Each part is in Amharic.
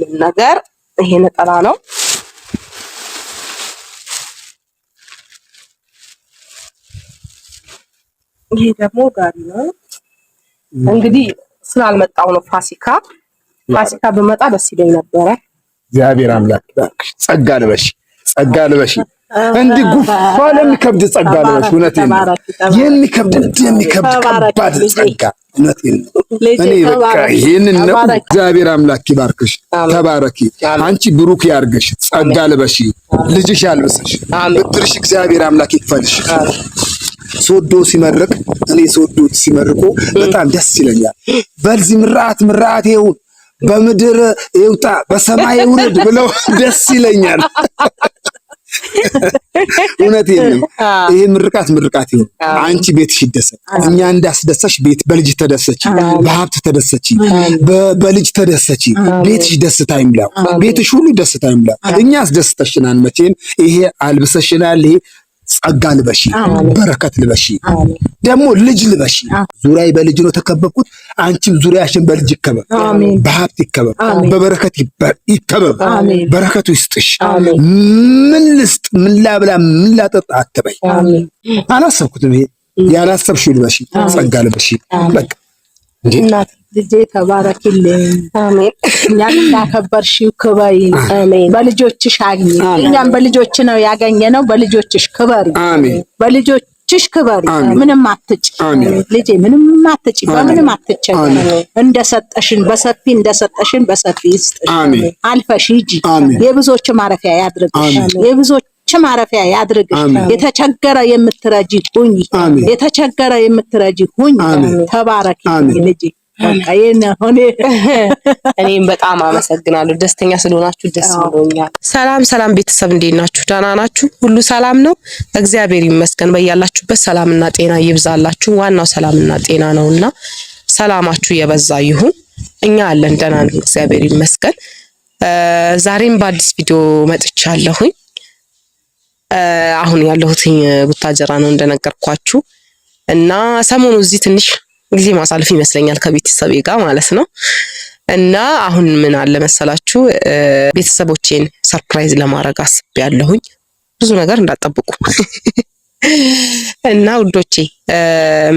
የሚል ነገር ይሄ ነጠላ ነው። ይሄ ደግሞ ጋቢ ነው። እንግዲህ ስላልመጣው ነው ፋሲካ ፋሲካ ብመጣ ደስ ይለኝ ነበረ። እግዚአብሔር አምላክ ጸጋ ልበሽ፣ ጸጋ ልበሽ እንዲህ ጉፋ ለሚከብድ ጸጋ ልበሽ። እውነቴን ነው የሚከብድ እንደሚከብድ ከባድ ጸጋ እውነቴን ነው። እኔ በቃ ይሄንን ነው። እግዚአብሔር አምላክ ይባርክሽ፣ ተባረኪ፣ አንቺ ብሩክ ያርግሽ፣ ጸጋ ልበሺ፣ ልጅሽ ያልብስሽ፣ ብድርሽ እግዚአብሔር አምላክ ይክፈልሽ። ሶዶ ሲመርቅ እኔ ሶዶ ሲመርቁ በጣም ደስ ይለኛል። በዚህ ምርዓት ምርዓት ይሁን በምድር ይውጣ በሰማይ ይውረድ ብለው ደስ ይለኛል። እውነት ነው። ይሄ ምርቃት ምርቃት ይሁን። አንቺ ቤትሽ ይደሰት። እኛ እንዳስደሰሽ ቤት በልጅ ተደሰች፣ በሀብት ተደሰች፣ በልጅ ተደሰች። ቤትሽ ደስታ ይምላው፣ ቤትሽ ሁሉ ደስታ ይምላው። እኛ አስደስተሽናል። መቼም ይሄ አልብሰሽናል። ይሄ ጸጋ ልበሺ፣ በረከት ልበሺ፣ ደግሞ ልጅ ልበሺ። ዙሪያ በልጅ ነው ተከበብኩት አንቺም ዙሪያሽን በልጅ ይከበብ፣ በሀብት ይከበብ፣ በበረከት ይከበብ። በረከቱ ይስጥሽ። ምን ልስጥ፣ ምን ላብላ፣ ምን ላጠጣ አትበይ። አላሰብኩትም። ይሄ ያላሰብሽው ልበሽ፣ ጸጋ ልበሽ። በቃ እናት ልጄ ተባረኪልኝ። እኛም እንዳከበርሽው ክበሪ። በልጆችሽ አግኝ። እኛም በልጆች ነው ያገኘ ነው። በልጆችሽ ክበሪ። በልጆች ልጆችሽ ክበሪ፣ ምንም አትጭ ልጄ፣ ምንም አትጭ፣ በምንም አትጭ። እንደሰጠሽን በሰፊ እንደሰጠሽን በሰፊ ይስጥ። አልፈሽ ሂጂ። የብዙዎች ማረፊያ ያድርግሽ፣ የብዙዎች ማረፊያ ያድርግሽ። የተቸገረ የምትረጂ ሁኝ፣ የተቸገረ የምትረጂ ሁኝ። ተባረኪ ልጄ። እኔም በጣም አመሰግናለሁ። ደስተኛ ስለሆናችሁ ደስ ብሎኛል። ሰላም ሰላም፣ ቤተሰብ እንዴት ናችሁ? ደህና ናችሁ? ሁሉ ሰላም ነው? እግዚአብሔር ይመስገን። በያላችሁበት ሰላምና ጤና ይብዛላችሁ። ዋናው ሰላምና ጤና ነውና ሰላማችሁ የበዛ ይሁን። እኛ አለን ደህና ነን፣ እግዚአብሔር ይመስገን። ዛሬም በአዲስ ቪዲዮ መጥቻለሁኝ። አሁን ያለሁትኝ ቡታጀራ ነው እንደነገርኳችሁ እና ሰሞኑ እዚህ ትንሽ ጊዜ ማሳለፍ ይመስለኛል ከቤተሰቤ ጋር ማለት ነው። እና አሁን ምን አለ መሰላችሁ ቤተሰቦቼን ሰርፕራይዝ ለማድረግ አስቤያለሁኝ። ብዙ ነገር እንዳጠብቁ እና ውዶቼ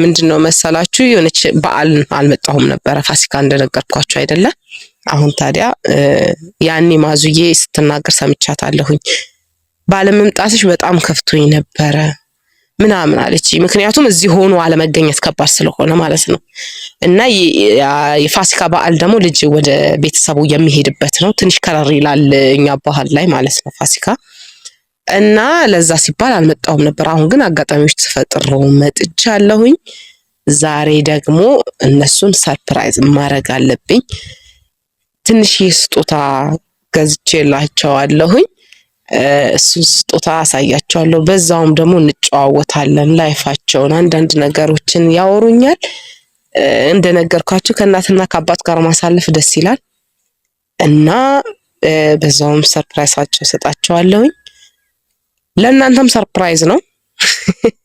ምንድን ነው መሰላችሁ የሆነች በዓል አልመጣሁም ነበረ ፋሲካ እንደነገርኳችሁ አይደለ? አሁን ታዲያ ያኔ ማዙዬ ስትናገር ሰምቻታለሁኝ ባለመምጣትሽ በጣም ከፍቶኝ ነበረ ምናምን አለች። ምክንያቱም እዚህ ሆኖ አለመገኘት ከባድ ስለሆነ ማለት ነው። እና የፋሲካ በዓል ደግሞ ልጅ ወደ ቤተሰቡ የሚሄድበት ነው። ትንሽ ከረር ይላል እኛ ባህል ላይ ማለት ነው ፋሲካ እና ለዛ ሲባል አልመጣሁም ነበር። አሁን ግን አጋጣሚዎች ተፈጥረው መጥቻለሁኝ። ዛሬ ደግሞ እነሱን ሰርፕራይዝ ማድረግ አለብኝ። ትንሽ ስጦታ ገዝቼላቸዋለሁኝ። እሱን ስጦታ አሳያቸዋለሁ። በዛውም ደግሞ እንጨዋወታለን። ላይፋቸውን፣ አንዳንድ ነገሮችን ያወሩኛል። እንደነገርኳችሁ ከእናትና ከአባት ጋር ማሳለፍ ደስ ይላል እና በዛውም ሰርፕራይሳቸው ሰጣቸዋለሁኝ። ለእናንተም ሰርፕራይዝ ነው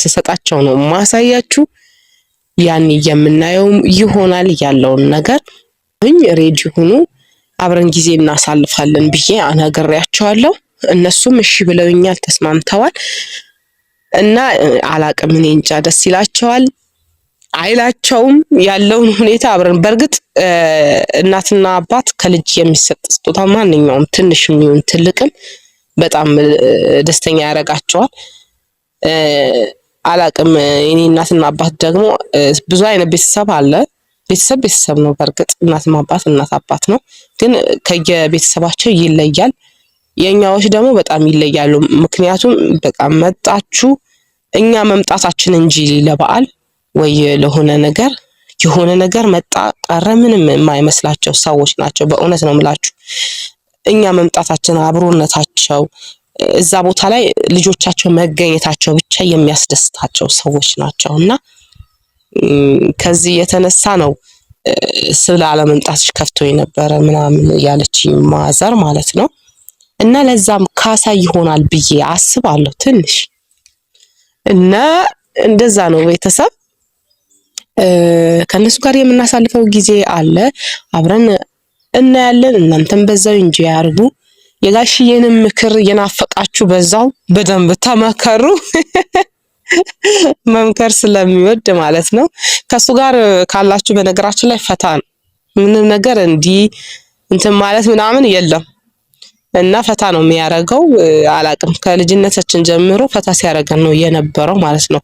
ስሰጣቸው ነው ማሳያችሁ። ያን የምናየው ይሆናል ያለውን ነገር ሬዲ ሁኑ። አብረን ጊዜ እናሳልፋለን ብዬ አነግሬያቸዋለሁ። እነሱም እሺ ብለውኛል፣ ተስማምተዋል እና አላቅም፣ እኔ እንጃ ደስ ይላቸዋል አይላቸውም ያለውን ሁኔታ አብረን። በእርግጥ እናትና አባት ከልጅ የሚሰጥ ስጦታ ማንኛውም ትንሽ የሚሆን ትልቅም በጣም ደስተኛ ያደርጋቸዋል። አላቅም፣ እኔ እናትና አባት ደግሞ ብዙ አይነት ቤተሰብ አለ ቤተሰብ ቤተሰብ ነው። በእርግጥ እናትም አባት እናት አባት ነው፣ ግን ከየቤተሰባቸው ይለያል። የእኛዎች ደግሞ በጣም ይለያሉ። ምክንያቱም በቃ መጣችሁ እኛ መምጣታችን እንጂ ለበዓል ወይ ለሆነ ነገር የሆነ ነገር መጣ ቀረ ምንም የማይመስላቸው ሰዎች ናቸው። በእውነት ነው ምላችሁ እኛ መምጣታችን አብሮነታቸው እዛ ቦታ ላይ ልጆቻቸው መገኘታቸው ብቻ የሚያስደስታቸው ሰዎች ናቸው እና ከዚህ የተነሳ ነው ስለ አለመምጣትሽ ከፍቶ የነበረ ምናምን ያለች ማዘር ማለት ነው። እና ለዛም ካሳ ይሆናል ብዬ አስባለሁ ትንሽ እና እንደዛ ነው ቤተሰብ ከእነሱ ጋር የምናሳልፈው ጊዜ አለ። አብረን እናያለን። እናንተም በዛው እንጂ ያርጉ። የጋሽዬንም ምክር የናፈቃችሁ በዛው በደንብ ተመከሩ። መምከር ስለሚወድ ማለት ነው። ከእሱ ጋር ካላችሁ በነገራችን ላይ ፈታ ነው። ምንም ነገር እንዲህ እንትን ማለት ምናምን የለም እና ፈታ ነው የሚያደርገው። አላቅም ከልጅነታችን ጀምሮ ፈታ ሲያደርገን ነው የነበረው ማለት ነው።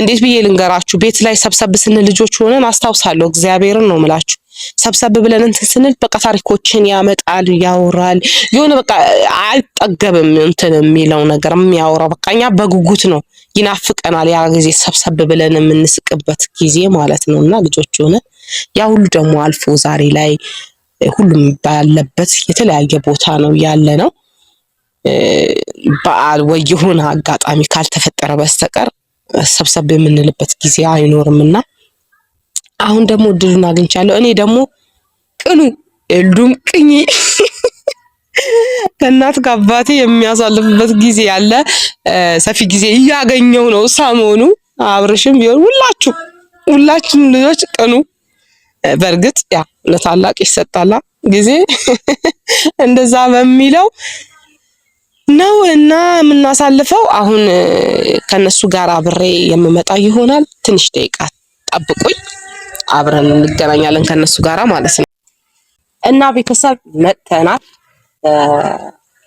እንዴት ብዬ ልንገራችሁ? ቤት ላይ ሰብሰብ ስንል ልጆች ሆነን አስታውሳለሁ። እግዚአብሔርን ነው ምላችሁ ሰብሰብ ብለን እንትን ስንል በቃ ታሪኮችን ያመጣል፣ ያወራል። የሆነ በቃ አይጠገብም እንትን የሚለው ነገር የሚያወራው በቃ እኛ በጉጉት ነው ይናፍቀናል። ያ ጊዜ ሰብሰብ ብለን የምንስቅበት ጊዜ ማለት ነው። እና ልጆች ሆነ ያ ሁሉ ደግሞ አልፎ ዛሬ ላይ ሁሉም ባለበት የተለያየ ቦታ ነው ያለ ነው። በዓል ወይ የሆነ አጋጣሚ ካልተፈጠረ በስተቀር ሰብሰብ የምንልበት ጊዜ አይኖርም እና አሁን ደግሞ እድሉን አግኝቻለሁ። እኔ ደግሞ ቅኑ እልዱም ቅኝ ከእናት ከአባቴ የሚያሳልፍበት ጊዜ ያለ ሰፊ ጊዜ እያገኘው ነው። ሰሞኑ አብርሽም ቢሆን ሁላችሁ ሁላችሁም ልጆች ቅኑ። በእርግጥ ያ ለታላቅ ይሰጣላ ጊዜ እንደዛ በሚለው ነው እና የምናሳልፈው። አሁን ከነሱ ጋር አብሬ የምመጣ ይሆናል። ትንሽ ደቂቃ ጠብቁኝ። አብረን እንገናኛለን ከነሱ ጋራ ማለት ነው። እና ቤተሰብ መጥተናል።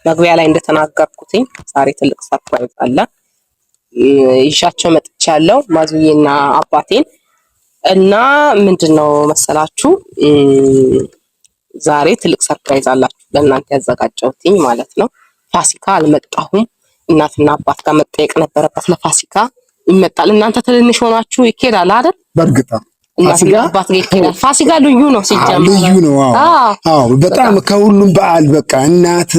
መግቢያ ላይ እንደተናገርኩትኝ ዛሬ ትልቅ ሰርፕራይዝ አለ። ይሻቸው መጥቻለሁ ማዙዬና አባቴን እና ምንድን ነው መሰላችሁ ዛሬ ትልቅ ሰርፕራይዝ አላችሁ ለእናንተ ያዘጋጀሁትኝ ማለት ነው። ፋሲካ አልመጣሁም። እናትና አባት ጋር መጠየቅ ነበረበት ለፋሲካ ይመጣል። እናንተ ትንንሽ ሆናችሁ ይኬዳል አይደል? በእርግጥ ፋሲካ ልዩ ነው ሲጀምር ልዩ ነው። አዎ በጣም ከሁሉም በዓል በቃ እናት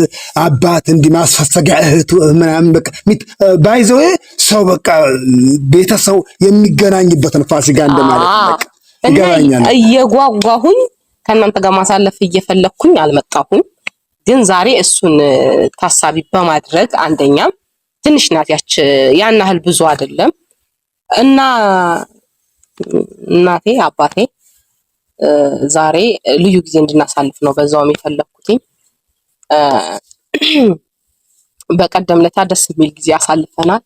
አባት እንዲህ ማስፈሰጊያ እህቱ ምናምን በቃ ባይዘው ሰው በቃ ቤተሰብ የሚገናኝበት ነው ፋሲካ እንደማለት ይገባኛል። እየጓጓሁኝ ከእናንተ ጋር ማሳለፍ እየፈለግኩኝ አልመጣሁም። ግን ዛሬ እሱን ታሳቢ በማድረግ አንደኛም ትንሽ ናት ያች ያን ያህል ብዙ አይደለም እና እናቴ አባቴ ዛሬ ልዩ ጊዜ እንድናሳልፍ ነው በዛውም የፈለግኩትኝ። በቀደምለታ ደስ የሚል ጊዜ አሳልፈናል።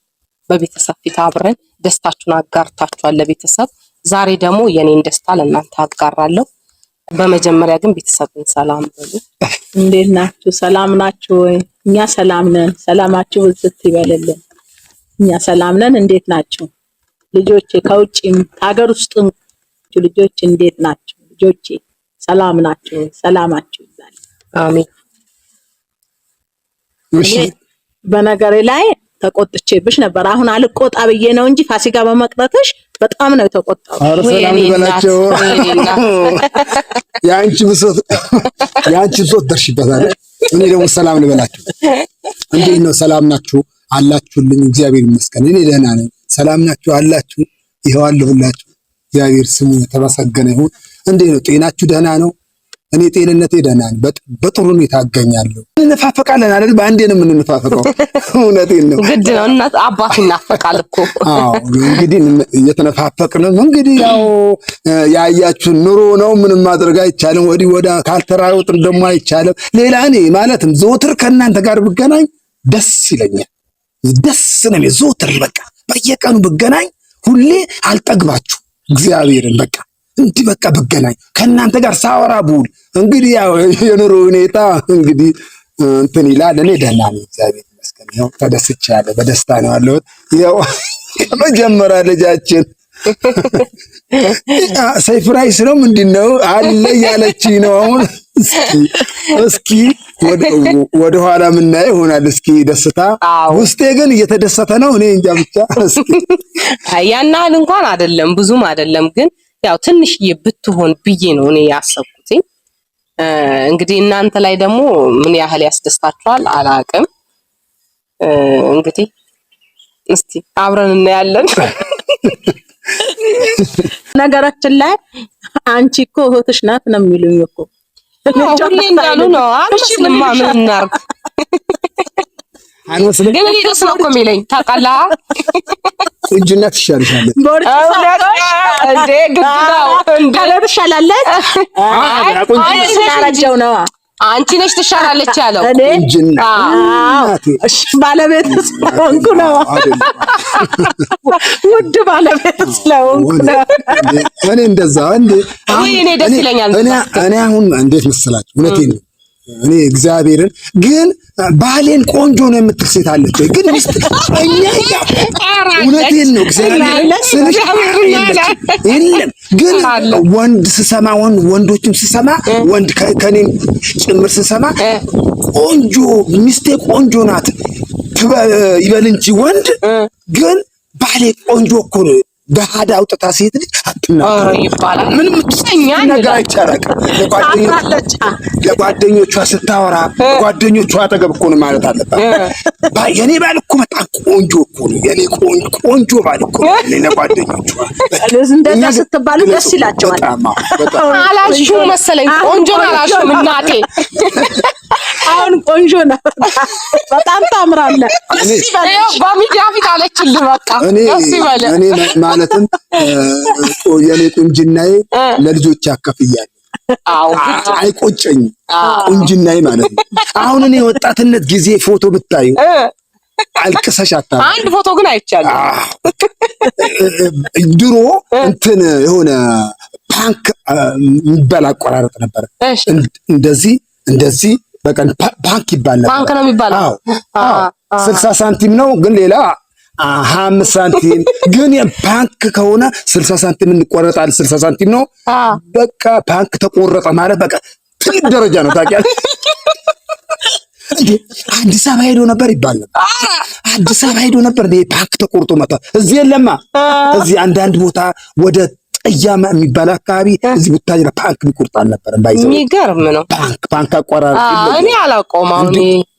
በቤተሰብ ፊት አብረን ደስታችሁን አጋርታችኋል ለቤተሰብ። ዛሬ ደግሞ የኔን ደስታ ለእናንተ አጋራለሁ። በመጀመሪያ ግን ቤተሰብን ሰላም በሉ። እንዴት ናችሁ? ሰላም ናችሁ ወይ? እኛ ሰላም ነን። ሰላማችሁ ብዝት ይበልልን። እኛ ሰላም ነን። እንዴት ናችሁ? ልጆቼ ከውጭም ከሀገር ውስጥም ልጆች እንዴት ናቸው? ልጆቼ ሰላም ናቸው? ሰላማቸው ይዛል። አሜን። በነገሬ ላይ ተቆጥቼብሽ ነበር። አሁን አልቆጣ ብዬ ነው እንጂ ፋሲካ በመቅረትሽ በጣም ነው የተቆጣው። ኧረ ሰላም የአንቺ ብሶት የአንቺ ብሶት ደርሽበታል። እኔ ደግሞ ሰላም ልበላችሁ። እንዴት ነው ሰላም ናችሁ? አላችሁልኝ? እግዚአብሔር ይመስገን እኔ ደህና ነኝ። ሰላም ናችሁ አላችሁ? ይኸው አለሁላችሁ። እግዚአብሔር ስሙ የተመሰገነ ይሁን። እንዴት ነው ጤናችሁ? ደህና ነው? እኔ ጤንነቴ ደህና ነው። በጥሩ ሁኔታ አገኛለሁ። እንፋፈቃለን አይደል? በአንዴ ነው የምንፋፈቀው። እውነቴን ነው፣ ግድ ነው። እናት አባት ይናፈቃል እኮ። አዎ እንግዲህ እየተነፋፈቅንም እንግዲህ ያው ያያችሁን ኑሮ ነው። ምንም ማድረግ አይቻልም። ወዲህ ወደ ካልተራወጥን ደግሞ አይቻልም። ሌላ እኔ ማለትም ዘወትር ከእናንተ ጋር ብገናኝ ደስ ይለኛል። ደስ ነው ዘወትር በቃ በየቀኑ ብገናኝ ሁሌ አልጠግባችሁ እግዚአብሔርን በቃ እንዲህ በቃ ብገናኝ ከእናንተ ጋር ሳወራ ብውል እንግዲህ ያው የኑሮ ሁኔታ እንግዲህ እንትን ይላል። እኔ ደህና ነኝ እግዚአብሔር ይመስገን፣ ተደስቻለሁ። በደስታ ነው ያለሁት። ያው ከመጀመሪያ ልጃችን ሰይፍራይስ ነው ምንድን ነው አለ ያለች ነው አሁን። እስኪ ወደ ኋላ የምናየው ይሆናል። እስኪ ደስታ ውስጤ ግን እየተደሰተ ነው። እኔ እንጃ ብቻ ያን እንኳን አይደለም፣ ብዙም አይደለም። ግን ያው ትንሽዬ ብትሆን ብዬ ነው እኔ ያሰብኩትኝ። እንግዲህ እናንተ ላይ ደግሞ ምን ያህል ያስደስታችኋል አላቅም። እንግዲህ እስቲ አብረን እናያለን። ነገራችን ላይ አንቺ እኮ እህትሽ ናት ነው የሚሉኝ እኮ ሁሌ እንዳሉ ነው። ምን ግን እኔ ደስ ነው እኮ የሚለኝ ታውቃለህ። ትሻላለች። አይ አንቺ ነሽ ትሻላለች ያለው ባለቤት ስለሆንኩ ነው። ውድ ባለቤት ስለሆንኩ ነው። እኔ እንደዛ እንዴ፣ እኔ ደስ ይለኛል። እኔ አሁን እንዴት መሰላችሁ? እውነቴን ነው እኔ እግዚአብሔርን ግን ባሌን ቆንጆ ነው የምትል ሴት አለች ወይ? ግን እኛ እውነቴን ነው የለም። ግን ወንድ ስሰማ ወንድ ወንዶችም ስሰማ ወንድ ከኔም ጭምር ስሰማ ቆንጆ ሚስቴ ቆንጆ ናት ይበል እንጂ ወንድ ግን ባሌ ቆንጆ እኮ ነው በሀዳ አውጥታ ሴት ልጅ ይባላል። ምንም ነገር አይጨረቅም። ለጓደኞቿ ስታወራ ጓደኞቿ አጠገብ እኮ ነው ማለት አለባት። የኔ ባል እኮ በጣም ቆንጆ እኮ ነው፣ የኔ ቆንጆ ባል እኮ ነው። ለጓደኞቿ እንደዛ ስትባሉ ደስ ይላቸዋል። አላሹ መሰለኝ ቆንጆ አላሹ እናቴ ቆንጆ ነው፣ በጣም ታምራለ። በሚዲያ ፊት አለችልህ። በቃ እኔ ማለትም የኔ ቁንጅናዬ ለልጆች ያከፍያል። አይቆጨኝም፣ ቁንጅናዬ ማለት ነው። አሁን እኔ የወጣትነት ጊዜ ፎቶ ብታዩ አልቅሰሽ አታ አንድ ፎቶ ግን አይቻልም። ድሮ እንትን የሆነ ፓንክ የሚባል አቆራረጥ ነበር። እንደዚህ እንደዚህ በቀን ባንክ ይባል ነበር። ባንክ ነው የሚባለው። አዎ አዎ፣ ስልሳ ሳንቲም ነው ግን ሌላ ሀያ አምስት ሳንቲም ግን ባንክ ከሆነ ስልሳ ሳንቲም እንቆረጣል። ስልሳ ሳንቲም ነው በቃ ባንክ ተቆረጠ ማለት በቃ ትልቅ ደረጃ ነው። ታውቂያለሽ አዲስ አበባ ሄዶ ነበር ይባል ነበር። አዲስ አበባ ሄዶ ነበር ባንክ ተቆርጦ መጣ። እዚህ የለማ እዚህ አንዳንድ ቦታ ወደ እያማ የሚባል አካባቢ እዚህ ቡታጅራ ባንክ የሚቆርጣል አልነበረ እንዳይዘው የሚገርም ነው። ባንክ ባንክ አቆራረጥ እኔ አላውቀውም። አሁን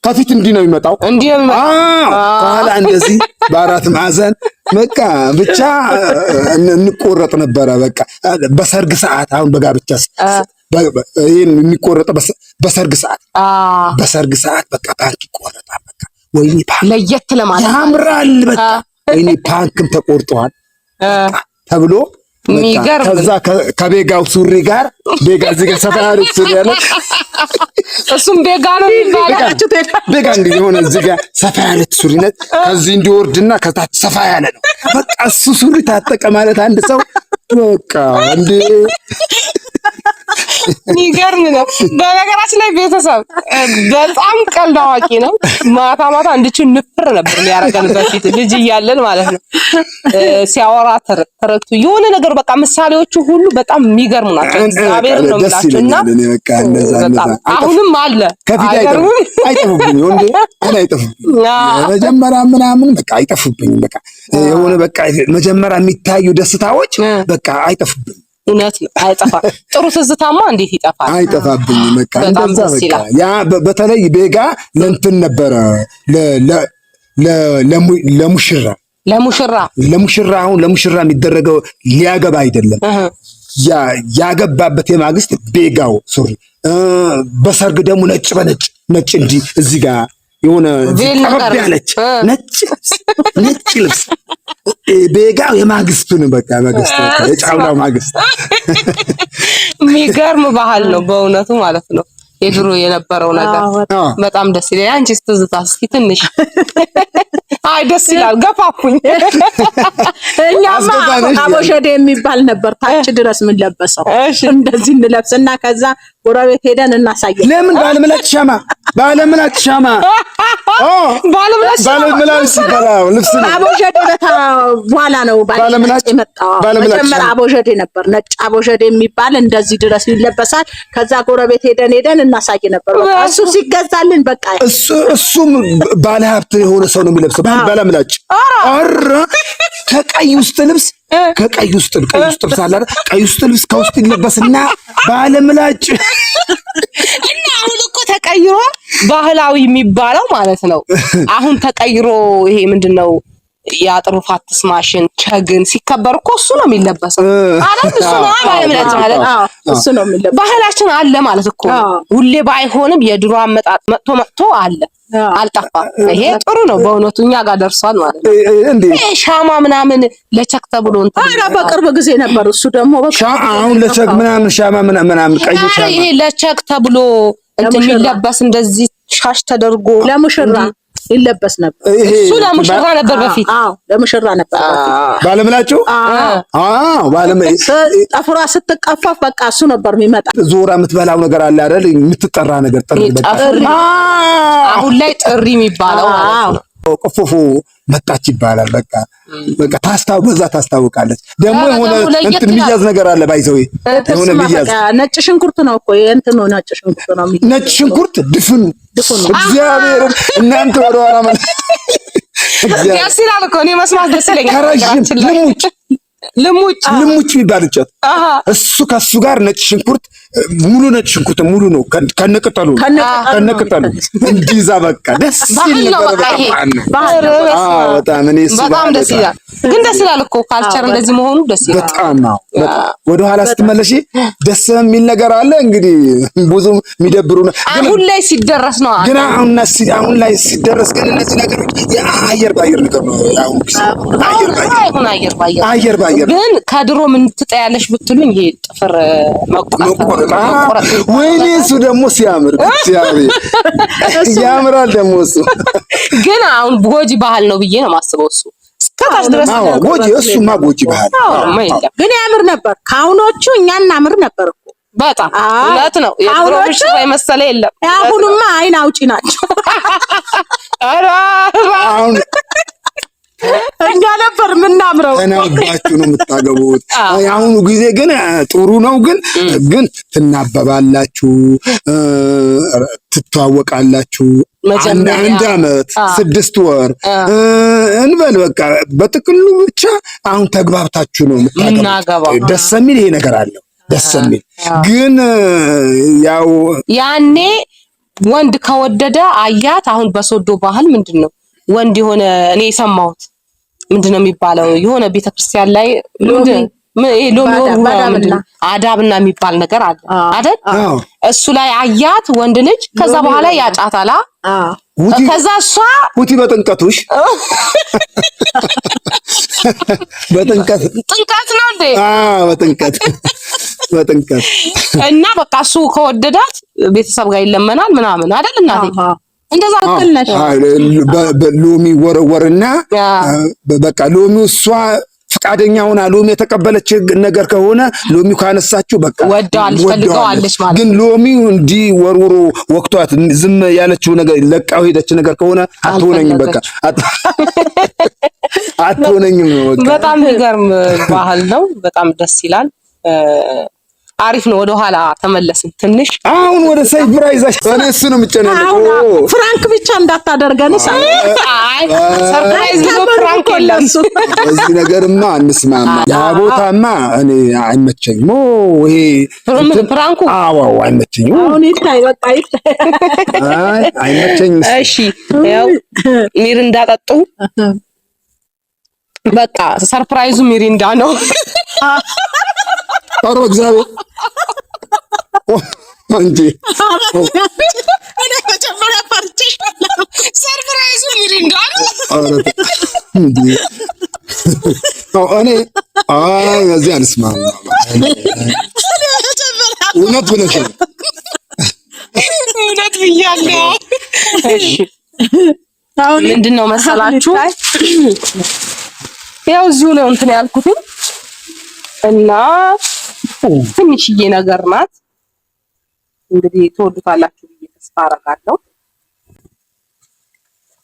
ከፊት እንዲህ ነው የሚመጣው፣ እንዲህ ነው የሚመጣው፣ ከኋላ እንደዚህ በአራት ማዕዘን በቃ ብቻ እንቆረጥ ነበረ። በቃ በሰርግ ሰዓት፣ አሁን በጋብቻ ይህን የሚቆረጠው በሰርግ ሰዓት፣ በሰርግ ሰዓት በቃ ባንክ ይቆረጣል። በቃ ወይኔ ባንክ ለየት ለማለት ያምራል። በቃ ወይኔ ባንክም ተቆርጠዋል ተብሎ ከዛ ከቤጋው ሱሪ ጋር ቤጋ እዚህ ጋር ሰፋ ያለ ሱሪ አለ። እሱም ቤጋ ነው የሚባለው። ቤጋ እንግዲህ የሆነ እዚህ ጋር ሰፋ ያለ ሱሪ ነት ከዚህ እንዲወርድና ከታች ሰፋ ያለ ነው። በቃ እሱ ሱሪ ታጠቀ ማለት አንድ ሰው በቃ እንዴ የሚገርም ነው። በነገራችን ላይ ቤተሰብ በጣም ቀልድ አዋቂ ነው። ማታ ማታ እንድችን ንፍር ነበር የሚያደርገን በፊት ልጅ እያለን ማለት ነው። ሲያወራ ተረቱ የሆነ ነገር በቃ ምሳሌዎቹ ሁሉ በጣም የሚገርሙ ናቸው። እግዚአብሔር ነው የምላቸው እና አሁንም አለ አይጠፉብኝ ወንዴ አይጠፉብኝ መጀመሪያ ምናምን በቃ አይጠፉብኝም። በቃ የሆነ በቃ መጀመሪያ የሚታዩ ደስታዎች በቃ አይጠፉብኝም። እውነት ነው አይጠፋም። ጥሩ ትዝታማ እንዴት ይጠፋል? አይጠፋብኝ። በቃ እንደዛ በቃ ያ በተለይ ቤጋ ለእንትን ነበረ ለሙሽራ ለሙሽራ ለሙሽራ አሁን ለሙሽራ የሚደረገው ሊያገባ አይደለም ያገባበት የማግስት ቤጋው ሱሪ፣ በሰርግ ደግሞ ነጭ በነጭ ነጭ እንዲህ እዚህ ጋር የሆነ ጠበብ ያለች ነጭ ነጭ ልብስ ቤጋ የማግስቱን በቃ ማግስቱ የጫውላው ማግስት የሚገርም ባህል ነው በእውነቱ ማለት ነው። የድሮ የነበረው ነገር በጣም ደስ ይላል። አንቺ ስትዝታ እስኪ ትንሽ አይ ደስ ይላል። ገፋፉኝ። እኛማ አቦሸዴ የሚባል ነበር ታች ድረስ ምን ለበሰው እንደዚህ እንለብስና ከዛ ጎረቤት ሄደን እናሳየን። ለምን ባለምላጭ ሻማ ባለምላጭ ሻማ ባለምላጭ ሲባላው ልብስ ነው። አቦሸዴ አቦዠዴ በኋላ ነው ባለምላጭ የመጣው። መጀመሪያ አቦሸዴ ነበር፣ ነጭ አቦሸዴ የሚባል እንደዚህ ድረስ ይለበሳል። ከዛ ጎረቤት ሄደን ሄደን እናሳይ ነበር። እሱ ሲገዛልን በቃ እሱ እሱም ባለሀብት የሆነ ሰው ነው የሚለብሰው ባለምላጭ። ኧረ ከቀይ ውስጥ ልብስ ከቀይ ውስጥ ውስጥ ይለበስና ባለምላጭ እና አሁን እኮ ተቀይሮ ባህላዊ የሚባለው ማለት ነው። አሁን ተቀይሮ ይሄ ምንድን ነው የአጥሩ ፋትስ ማሽን ቸግን ሲከበር እኮ እሱ ነው የሚለበሰው። አራት እሱ ነው ማለት ማለት እሱ ነው የሚለበሰው። ባህላችን አለ ማለት እኮ ሁሌ ባይሆንም የድሮ አመጣጥ መጥቶ መጥቶ አለ አልጠፋም። ይሄ ጥሩ ነው በእውነቱ እኛ ጋር ደርሷል ማለት ነው። ይሄ ሻማ ምናምን ለቸክ ተብሎ እንትን ኧረ በቅርብ ጊዜ ነበር እሱ ደግሞ አሁን ለቸክ ምናምን ሻማ ምናምን ቀይ ሻማ ይሄ ለቸክ ተብሎ እንትን የሚለበስ እንደዚህ ሻሽ ተደርጎ ለሙሽራ ይለበስ ነበር። እሱ ለሙሽራ ነበር በፊት። አዎ ለሙሽራ ነበር ባለምላጩ። አዎ ባለም ጠፍሯ ስትቀፋፍ በቃ እሱ ነበር የሚመጣ። ዞራ የምትበላው ነገር አለ አይደል? የምትጠራ ነገር ጥሪ። አሁን ላይ ጥሪ የሚባለው አዎ ቅፉፉ መጣች ይባላል። በቃ በቃ ታስታው በዛ ታስታውቃለች። ደግሞ የሆነ እንትን የሚያዝ ነገር አለ ባይዘው የሆነ የሚያዝ ነጭ ሽንኩርት ነው እኮ ነው ነጭ ሽንኩርት ነው። ነጭ ሽንኩርት ድፍን እግዚአብሔር እናንተ ወደ ኋላ ማለት ደስ ይላል እኮ እኔ መስማት ደስ ይለኛል። ልሙጭ ልሙጭ ልሙጭ የሚባል እንጨት እሱ ከሱ ጋር ነጭ ሽንኩርት ሙሉ ነጭ ሽንኩርት ሙሉ ነው፣ ከነቅጠሉ ከነቅጠሉ እንዲዛ በቃ ደስ ሲል ነበር። በጣም በጣም እኔ እሱ በጣም ደስ ይላል። ግን ደስ ይላል እኮ ካልቸር እንደዚህ መሆኑ ደስ ይላል። በጣም ነው። ወደ ኋላ ስትመለሺ ደስ የሚል ነገር አለ። እንግዲህ ብዙም የሚደብሩ አሁን ላይ ሲደረስ ነው። ግን አሁን ላይ ሲደረስ ግን እነዚህ ነገሮች የአየር ባየር ነገር ነው። አየር ባየር ግን ከድሮ ምን ትጠያለሽ ብትሉኝ ይሄ ጥፍር መቆ ወይኔ እሱ ደግሞ ሲያምር ያምራል። ደግሞ እሱ ግን አሁን ጎጂ ባህል ነው ብዬ ነው ማስበው እሱ ከታች ድረስ ጎጂ እሱማ ጎጂ ባህል ግን ያምር ነበር። ከአሁኖቹ እኛ እናምር ነበር እኮ በጣም እውነት ነው። የድሮዎቹ የመሰለ የለም። አሁንማ አይን አውጪ ናቸው። እኛ ነበር ምናምረው። ተናባችሁ ነው የምታገቡት። የአሁኑ ጊዜ ግን ጥሩ ነው፣ ግን ግን ትናበባላችሁ፣ ትተዋወቃላችሁ። አንድ አመት ስድስት ወር እንበል በቃ በጥቅሉ ብቻ አሁን ተግባብታችሁ ነው የምታገቡት። ደስ የሚል ይሄ ነገር አለው፣ ደስ የሚል ግን ያው ያኔ ወንድ ከወደደ አያት። አሁን በሶዶ ባህል ምንድን ነው ወንድ የሆነ እኔ የሰማሁት ምንድነው የሚባለው የሆነ ቤተክርስቲያን ላይ አዳብና የሚባል ነገር አለ አይደል? እሱ ላይ አያት ወንድ ልጅ። ከዛ በኋላ ያጫታላ። ከዛ እሷ ሁቲ በጥንቀቱሽ በጥንቀት ጥንቀት ነው እንዴ? በጥንቀት በጥንቀት እና በቃ እሱ ከወደዳት ቤተሰብ ጋር ይለመናል ምናምን አይደል እናቴ ሎሚ ወረወርና በቃ ሎሚ እሷ ፈቃደኛ ሆና ሎሚ የተቀበለች ነገር ከሆነ ሎሚ ካነሳችሁ በቃ ወደዋለች። ግን ሎሚ እንዲህ ወርውሮ ወቅቷት ዝም ያለችው ነገር ለቃው ሄደች ነገር ከሆነ አትሆነኝም፣ በቃ አትሆነኝም። በጣም ይገርም ባህል ነው። በጣም ደስ ይላል። አሪፍ ነው። ወደኋላ ተመለስን ትንሽ። አሁን ወደ ሰይፍ ብራ ይዛሽ እሱ ነው የምጨነቀው። ፍራንክ ብቻ እንዳታደርገን። ሰርፕራይዝ ነው ፍራንክ የለም። እዚህ ነገርማ አንስማማ። ያ ቦታማ እኔ አይመቸኝም። ኦ ይሄ ፍራንኩ አዎ፣ አይመቸኝም። አሁን ይታይ በቃ ይታይ። አይ አይመቸኝም። እሺ ያው ሚር እንዳጠጡ በቃ ሰርፕራይዙ ሚሪንዳ ነው። ኧረ እግዚአብሔር እንጂ ምንድን ነው መሰላችሁ ያው እዚሁ ነው እንትን ያልኩትኝ እና ትንሽዬ ነገር ናት እንግዲህ ትወዱታላችሁ ብዬ ተስፋ አደርጋለሁ።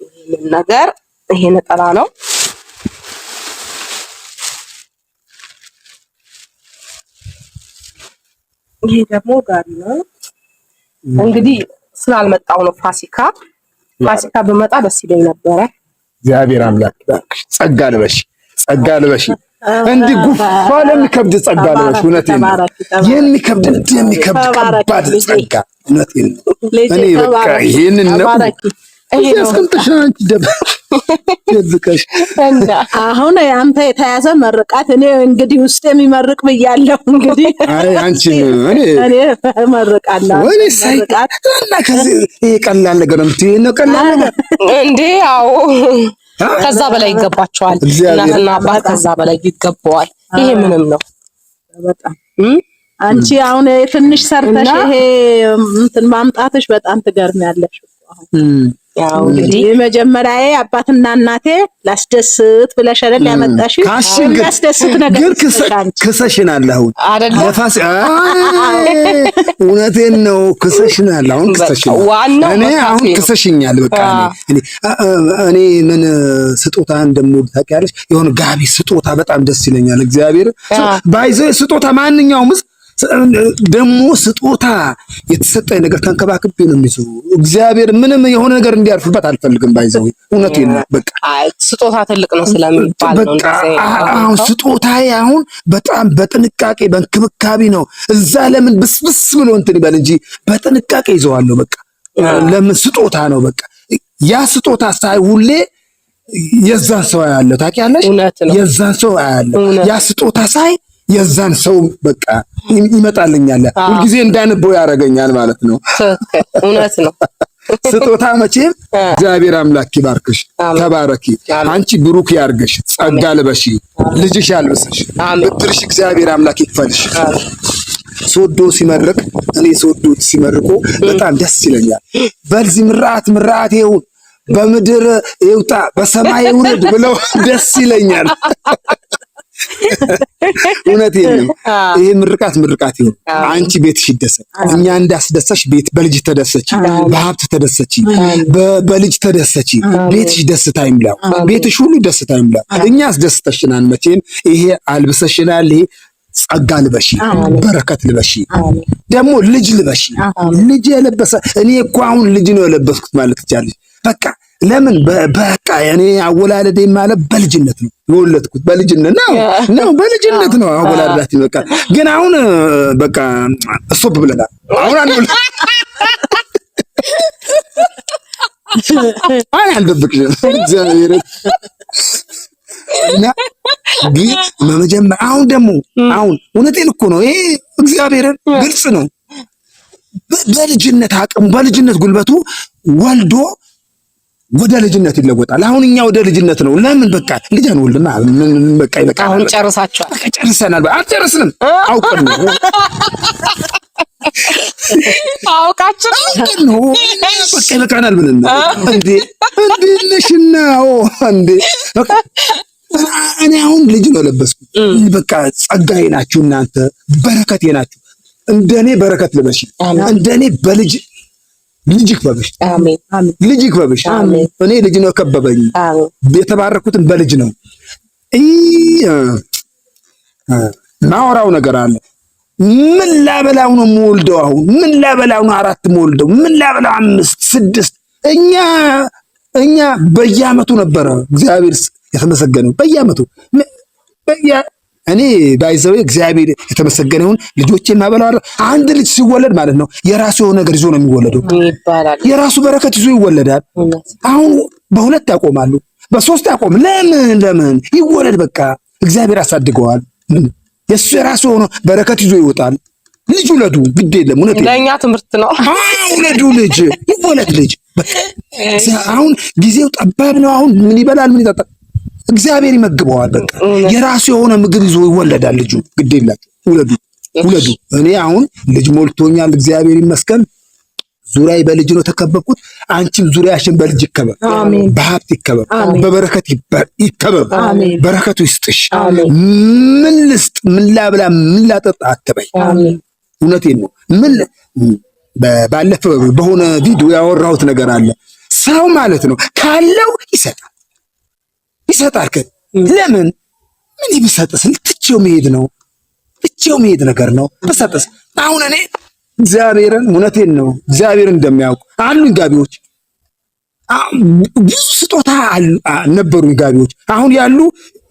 ይህንን ነገር ይሄ ነጠላ ነው። ይሄ ደግሞ ጋቢ ነው። እንግዲህ ስላልመጣው ነው ፋሲካ ፋሲካ በመጣ ደስ ይለኝ ነበረ። እግዚአብሔር አምላክ ጸጋ ልበሽ፣ ጸጋ ልበሽ። እንዲህ ጉፋ ለሚከብድ ጸጋ ነው። እውነቴን ነው። የሚከብድ ከባድ ጸጋ። እውነቴን እኔ በቃ ይሄንን ነው አሁን አንተ የተያዘ መርቃት፣ እኔ እንግዲህ ውስጥ የሚመርቅ ብያለሁ። እንግዲህ አንቺ እኔ መርቃለሁ። ቀላል ነገር ነው። ቀላል ነገር እንዴ! አዎ ከዛ በላይ ይገባቸዋል። እናትና አባት ከዛ በላይ ይገባዋል። ይሄ ምንም ነው። አንቺ አሁን ትንሽ ሰርተሽ ይሄ እንትን ማምጣትሽ በጣም ትገርሚያለሽ። ያው እንግዲህ አባትና እናቴ ላስደስት ብለሽ አይደል ላስደስት ነገር እውነቴን ነው አሁን እኔ አሁን ክሰሽኛል። በቃ እኔ ምን ስጦታ እንደምወድ ታውቂያለሽ? የሆነ ጋቢ ስጦታ በጣም ደስ ይለኛል። እግዚአብሔር ስጦታ ማንኛውም ደግሞ ስጦታ የተሰጠ ነገር ተንከባክቤ ነው የሚዙ። እግዚአብሔር ምንም የሆነ ነገር እንዲያርፍበት አልፈልግም። ባይዘው እውነት ነው። በቃ ስጦታ ትልቅ ነው ስለሚባል ነው። አሁን ስጦታዬ አሁን በጣም በጥንቃቄ በእንክብካቤ ነው። እዛ ለምን ብስብስ ብሎ እንትን ይበል እንጂ በጥንቃቄ ይዘዋለሁ። በቃ ለምን ስጦታ ነው። በቃ ያ ስጦታ ሳይ ሁሌ የዛን ሰው አያለሁ። ታውቂያለሽ፣ የዛን ሰው አያለሁ። ያ ስጦታ ሳይ የዛን ሰው በቃ ይመጣልኛል፣ ሁልጊዜ እንዳነበው ያደርገኛል ማለት ነው። እውነት ነው። ስጦታ መቼም እግዚአብሔር አምላክ ይባርክሽ፣ ተባረኪ፣ አንቺ ብሩክ ያርግሽ፣ ጸጋ ልበሺ፣ ልጅሽ ያልብስሽ፣ ብትርሽ እግዚአብሔር አምላክ ይክፈልሽ። ሶዶ ሲመርቅ እኔ ሶዶ ሲመርቁ በጣም ደስ ይለኛል። በዚህ ምርዓት ምርዓት ይሁን በምድር ይውጣ በሰማይ ይውረድ ብለው ደስ ይለኛል። እውነት ነው። ይህ ምርቃት ምርቃት ይሁን። አንቺ ቤትሽ ይደሰት። እኛ እንዳስደሰች ቤት በልጅ ተደሰች፣ በሀብት ተደሰች፣ በልጅ ተደሰች። ቤትሽ ደስታ ይምላው፣ ቤትሽ ሁሉ ደስታ ይምላው። እኛ አስደስተሽናል። መቼም ይሄ አልብሰሽናል። ይሄ ጸጋ ልበሺ፣ በረከት ልበሺ፣ ደግሞ ልጅ ልበሺ። ልጅ የለበሰ እኔ እኮ አሁን ልጅ ነው የለበስኩት ማለት ትቻለች። በቃ ለምን በቃ እኔ አወላለዴ ማለት በልጅነት ነው የወለድኩት። በልጅነት ነው ነው በልጅነት ነው አወላለዳት። በቃ ግን አሁን በቃ እስቶፕ ብለናል። አሁን አንዱ አይ አልደብቅሽም እግዚአብሔር እና ግን በመጀመሪያ አሁን ደግሞ አሁን እውነቴን እኮ ነው ይሄ እግዚአብሔርን ግልጽ ነው። በልጅነት አቅሙ በልጅነት ጉልበቱ ወልዶ ወደ ልጅነት ይለወጣል። አሁን እኛ ወደ ልጅነት ነው። ለምን በቃ ልጅ አንወልድና ምን በቃ ይበቃ። አሁን ጨርሳችኋል? በቃ ጨርሰናል። አልጨርስንም። አውቀን ነው አውቃችሁ ነው በቃ ይበቃናል ብለን እንዴ እንዴ ነሽና እንዴ በቃ እኔ አሁን ልጅ ነው ለበስኩ። በቃ ጸጋዬ ናችሁ እናንተ፣ በረከቴ ናችሁ። እንደኔ በረከት ልበሽ፣ እንደኔ በልጅ ልጅ ይክበብሽ፣ ልጅ ይክበብሽ። እኔ ልጅ ነው የከበበኝ። የተባረኩትን በልጅ ነው። ማወራው ነገር አለ። ምን ላበላው ነው የምወልደው? አሁን ምን ላበላው ነው አራት የምወልደው? ምን ላበላው አምስት ስድስት? እኛ እኛ በየአመቱ ነበረ እግዚአብሔር የተመሰገነው በየአመቱ እኔ ባይዘው እግዚአብሔር የተመሰገነ ይሁን ልጆቼን ማበላዋለሁ። አንድ ልጅ ሲወለድ ማለት ነው የራሱ የሆነ ነገር ይዞ ነው የሚወለደው። የራሱ በረከት ይዞ ይወለዳል። አሁን በሁለት ያቆማሉ፣ በሶስት ያቆም። ለምን ለምን ይወለድ? በቃ እግዚአብሔር አሳድገዋል። የሱ የራሱ የሆነ በረከት ይዞ ይወጣል። ልጅ ውለዱ፣ ግድ የለም እውነት ለእኛ ትምህርት ነው። ውለዱ፣ ልጅ ይወለድ። ልጅ አሁን ጊዜው ጠባብ ነው። አሁን ምን ይበላል? ምን ይጠጣል? እግዚአብሔር ይመግበዋል። በቃ የራሱ የሆነ ምግብ ይዞ ይወለዳል ልጁ። ግድ የላችሁ ውለዱ፣ ውለዱ። እኔ አሁን ልጅ ሞልቶኛል፣ እግዚአብሔር ይመስገን። ዙሪያ በልጅ ነው ተከበብኩት። አንቺም ዙሪያሽን በልጅ ይከበብ፣ በሀብት ይከበብ፣ በበረከት ይከበብ። በረከቱ ይስጥሽ። ምን ልስጥ፣ ምን ላብላ፣ ምን ላጠጣ አትበይ። እውነቴን ነው። ምን ባለፈ በሆነ ቪዲዮ ያወራሁት ነገር አለ። ሰው ማለት ነው ካለው ይሰጣል ይሰጣል። ለምን ምን ይብሰጥስ? ልትቼው መሄድ ነው። ልትቼው መሄድ ነገር ነው። ብሰጥስ አሁን እኔ እግዚአብሔርን እውነቴን ነው። እግዚአብሔርን እንደሚያውቁ አሉኝ ጋቢዎች፣ ብዙ ስጦታ ነበሩ ጋቢዎች። አሁን ያሉ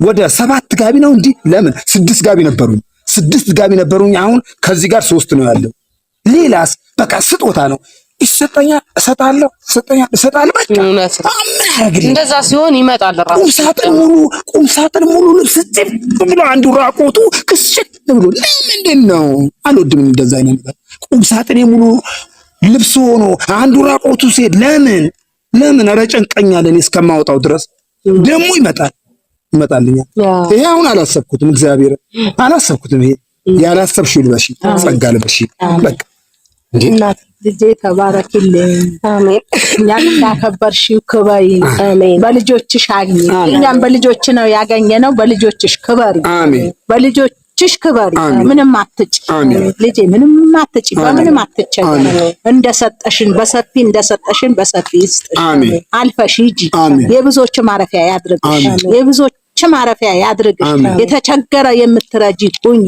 ወደ ሰባት ጋቢ ነው እንዲህ። ለምን ስድስት ጋቢ ነበሩኝ፣ ስድስት ጋቢ ነበሩኝ። አሁን ከዚህ ጋር ሶስት ነው ያለው። ሌላስ በቃ ስጦታ ነው። ይሰጠኛል፣ እሰጣለሁ፣ ይሰጠኛል፣ እሰጣለሁ። በቃ እንደዛ ሲሆን ይመጣል ራሱ። ቁምሳጥን ሙሉ ቁምሳጥን ሙሉ ልብስ ጥብ ብሎ አንዱ ራቆቱ ክስት ብሎ ለምንድን ነው አልወድም። እንደዛ አይነት ነገር ቁምሳጥን ሙሉ ልብስ ሆኖ አንዱ ራቆቱ ሴት ለምን ለምን? ኧረ ጨንቀኛል። እኔ እስከማወጣው ድረስ ደግሞ ይመጣል ይመጣልኛል። ይሄ አሁን አላሰብኩትም፣ እግዚአብሔር አላሰብኩትም። ይሄ ልበሽ፣ ጸጋ ልበሽ በቃ እናት ልጄ ተባረኪልኝ። አሜን። እኛም እንዳከበርሽው ክበሪ። አሜን። በልጆችሽ አግኝ። እኛም በልጆች ነው ያገኘ ነው። በልጆችሽ ክበሪ። አሜን። በልጆችሽ ክበሪ። ምንም አትጭ ልጄ፣ ምንም አትጭ፣ በምንም አትጭ። እንደሰጠሽን በሰፊ እንደሰጠሽን በሰፊ ይስጥሽ። አልፈሽ ሂጂ። የብዙዎች ማረፊያ ያድርግሽ። የብዙዎች ማረፊያ ያድርግሽ። የተቸገረ የምትረጂ ሁኝ፣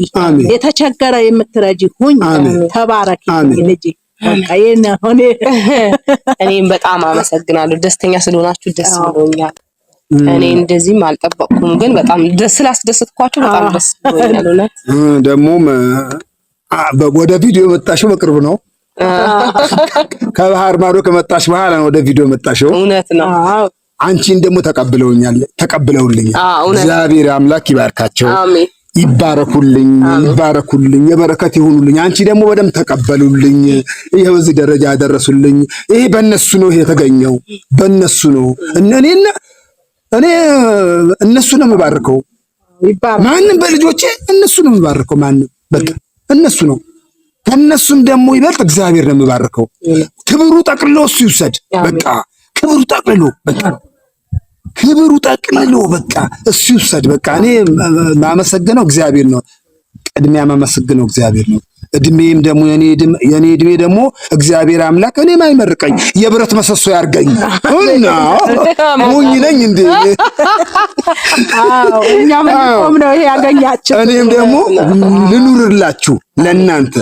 የተቸገረ የምትረጂ ሁኝ። ተባረክ ልጅ። እኔም በጣም አመሰግናለሁ። ደስተኛ ስለሆናችሁ ደስ ብሎኛል። እኔ እንደዚህም አልጠበቅኩም፣ ግን በጣም ደስ ስላስደሰትኳቸው በጣም ደስ ብሎኛል። እውነት ደግሞም ወደ ቪዲዮ የመጣሽው በቅርብ ነው። ከባህር ማዶ ከመጣሽ በኋላ ነው ወደ ቪዲዮ መጣሽው። እውነት ነው። አንቺን ደግሞ ተቀብለውኛል ተቀብለውልኛል። እግዚአብሔር አምላክ ይባርካቸው፣ ይባረኩልኝ፣ ይባረኩልኝ፣ የበረከት ይሁኑልኝ። አንቺ ደግሞ በደንብ ተቀበሉልኝ፣ ይሄው እዚህ ደረጃ ያደረሱልኝ። ይሄ በእነሱ ነው የተገኘው፣ በእነሱ ነው። እኔና እኔ እነሱ ነው የምባርከው፣ ማንም በልጆቼ እነሱ ነው የምባርከው፣ ማንም በቃ እነሱ ነው። ከእነሱም ደግሞ ይበልጥ እግዚአብሔር ነው የምባርከው። ክብሩ ጠቅሎ እሱ ይውሰድ በቃ ክብሩ ጠቅልሎ በቃ ክብሩ ጠቅልሎ በቃ እሱ ይውሰድ። በቃ እኔ ማመሰግነው እግዚአብሔር ነው። ቅድሚያ ማመሰግነው እግዚአብሔር ነው። እድሜም ደግሞ የኔ እድሜ ደግሞ እግዚአብሔር አምላክ እኔም አይመርቀኝ የብረት መሰሶ ያርገኝ እና ሙኝ ነኝ እንዴ? እኛም ነው ይሄ እኔም ደግሞ ልኑርላችሁ ለእናንተ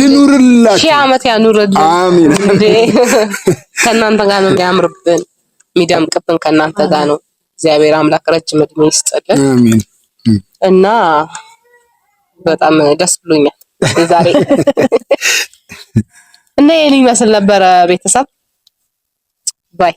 ልኑርላችሁ፣ ሺህ ዓመት ያኑርልን። አሜን። ከእናንተ ጋር ነው የሚያምርብን የሚደምቅብን ከእናንተ ጋር ነው። እግዚአብሔር አምላክ ረጅም እድሜ ይስጥልን እና በጣም ደስ ብሎኛል ዛሬ እና ይሄን ይመስል ነበረ ቤተሰብ ባይ